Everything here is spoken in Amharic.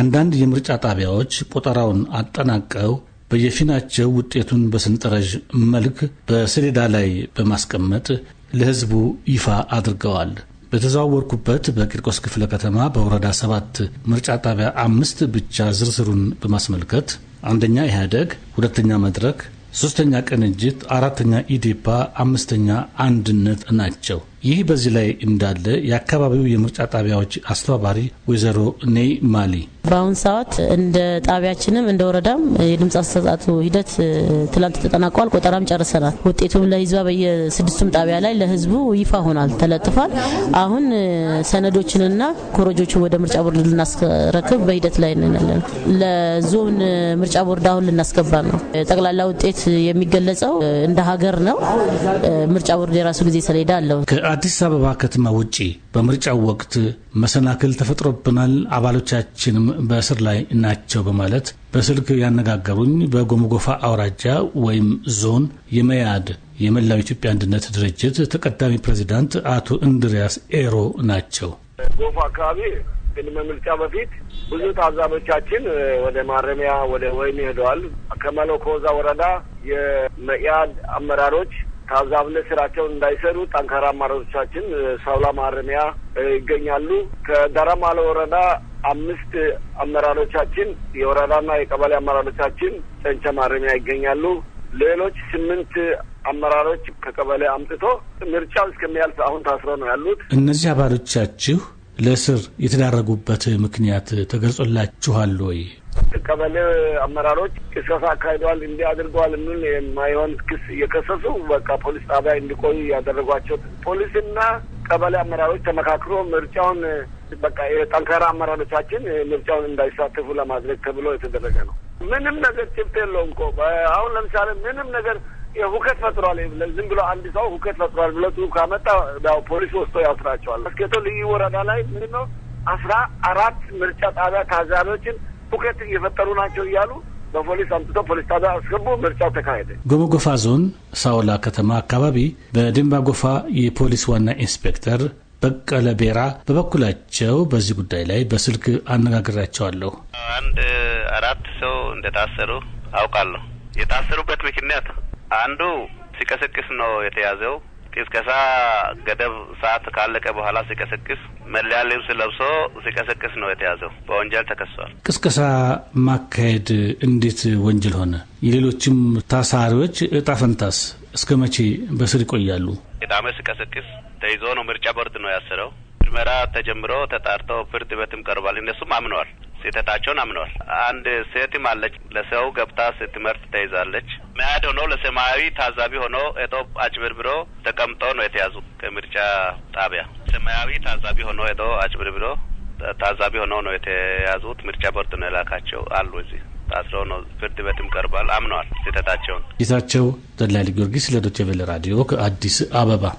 አንዳንድ የምርጫ ጣቢያዎች ቆጠራውን አጠናቀው በየፊናቸው ውጤቱን በሰንጠረዥ መልክ በሰሌዳ ላይ በማስቀመጥ ለሕዝቡ ይፋ አድርገዋል። በተዘዋወርኩበት በቂርቆስ ክፍለ ከተማ በወረዳ ሰባት ምርጫ ጣቢያ አምስት ብቻ ዝርዝሩን በማስመልከት አንደኛ ኢህአደግ፣ ሁለተኛ መድረክ፣ ሶስተኛ ቅንጅት፣ አራተኛ ኢዴፓ፣ አምስተኛ አንድነት ናቸው። ይህ በዚህ ላይ እንዳለ የአካባቢው የምርጫ ጣቢያዎች አስተባባሪ ወይዘሮ ኔይ ማሊ በአሁን ሰዓት እንደ ጣቢያችንም እንደ ወረዳም የድምፅ አሰጣጡ ሂደት ትላንት ተጠናቋል። ቆጠራም ጨርሰናል። ውጤቱም ለህዝባ በየስድስቱም ጣቢያ ላይ ለህዝቡ ይፋ ሆናል፣ ተለጥፏል። አሁን ሰነዶችንና ኮረጆችን ወደ ምርጫ ቦርድ ልናስረክብ በሂደት ላይ እንላለን። ለዞን ምርጫ ቦርድ አሁን ልናስገባ ነው። ጠቅላላ ውጤት የሚገለጸው እንደ ሀገር ነው። ምርጫ ቦርድ የራሱ ጊዜ ሰሌዳ አለው። ከአዲስ አበባ ከተማ ውጪ በምርጫው ወቅት መሰናክል ተፈጥሮብናል፣ አባሎቻችንም በእስር ላይ ናቸው በማለት በስልክ ያነጋገሩኝ በጎምጎፋ አውራጃ ወይም ዞን የመያድ የመላው ኢትዮጵያ አንድነት ድርጅት ተቀዳሚ ፕሬዚዳንት አቶ እንድሪያስ ኤሮ ናቸው። ጎፋ አካባቢ ቅድመ ምርጫ በፊት ብዙ ታዛቢዎቻችን ወደ ማረሚያ ወደ ወይም ሄደዋል። ከመለኮዛ ወረዳ የመያድ አመራሮች ታዛብነት ስራቸውን እንዳይሰሩ ጠንካራ አመራሮቻችን ሳውላ ማረሚያ ይገኛሉ። ከዳራማለ ወረዳ አምስት አመራሮቻችን የወረዳና የቀበሌ አመራሮቻችን ጨንቻ ማረሚያ ይገኛሉ። ሌሎች ስምንት አመራሮች ከቀበሌ አምጥቶ ምርጫው እስከሚያልፍ አሁን ታስረው ነው ያሉት። እነዚህ አባሎቻችሁ ለእስር የተዳረጉበት ምክንያት ተገልጾላችኋል ወይ? ቀበሌ አመራሮች ቅስቀሳ አካሂደዋል፣ እንዲህ አድርገዋል፣ ምን የማይሆን ክስ እየከሰሱ በቃ ፖሊስ ጣቢያ እንዲቆዩ ያደረጓቸው ፖሊስና ቀበሌ አመራሮች ተመካክሮ ምርጫውን በቃ የጠንካራ አመራሮቻችን ምርጫውን እንዳይሳተፉ ለማድረግ ተብሎ የተደረገ ነው። ምንም ነገር ጭብጥ የለውም እኮ አሁን ለምሳሌ ምንም ነገር ሁከት ፈጥሯል። ዝም ብሎ አንድ ሰው ሁከት ፈጥሯል ብለ ጽሑፍ ካመጣ ያው ፖሊስ ወስቶ ያስራቸዋል። እስኬቶ ልዩ ወረዳ ላይ ምንድን ነው አስራ አራት ምርጫ ጣቢያ ታዛቢዎችን ሁከት እየፈጠሩ ናቸው እያሉ በፖሊስ አምጥቶ ፖሊስ ጣቢያ አስገቡ። ምርጫው ተካሄደ። ጎሞ ጎፋ ዞን ሳውላ ከተማ አካባቢ በድንባ ጎፋ የፖሊስ ዋና ኢንስፔክተር በቀለ ቤራ በበኩላቸው በዚህ ጉዳይ ላይ በስልክ አነጋግራቸዋለሁ። አንድ አራት ሰው እንደታሰሩ አውቃለሁ። የታሰሩበት ምክንያት አንዱ ሲቀሰቅስ ነው የተያዘው። ቅስቀሳ ገደብ ሰዓት ካለቀ በኋላ ሲቀሰቅስ መለያ ልብስ ለብሶ ሲቀሰቅስ ነው የተያዘው። በወንጀል ተከሷል። ቅስቀሳ ማካሄድ እንዴት ወንጀል ሆነ? የሌሎችም ታሳሪዎች እጣ ፈንታስ እስከ መቼ በስር ይቆያሉ? ቅዳሜ ስቀሰቅስ ተይዞ ነው ምርጫ ቦርድ ነው ያሰረው። ምርመራ ተጀምሮ ተጣርቶ ፍርድ ቤትም ቀርቧል። እነሱም አምነዋል፣ ስህተታቸውን አምነዋል። አንድ ሴትም አለች ለሰው ገብታ ስትመርጥ ተይዛለች። መያድ ሆኖ ለሰማያዊ ታዛቢ ሆኖ እጦ አጭበርብሮ ተቀምጦ ነው የተያዙ። ከምርጫ ጣቢያ ሰማያዊ ታዛቢ ሆኖ እጦ አጭበርብሮ ታዛቢ ሆኖ ነው የተያዙት። ምርጫ ቦርድ ነው የላካቸው አሉ። እዚህ ታስረው ነው ፍርድ ቤትም ቀርቧል። አምነዋል ስህተታቸውን። ጌታቸው ዘላሊ ጊዮርጊስ ለዶቼ ቬለ ራዲዮ ከአዲስ አበባ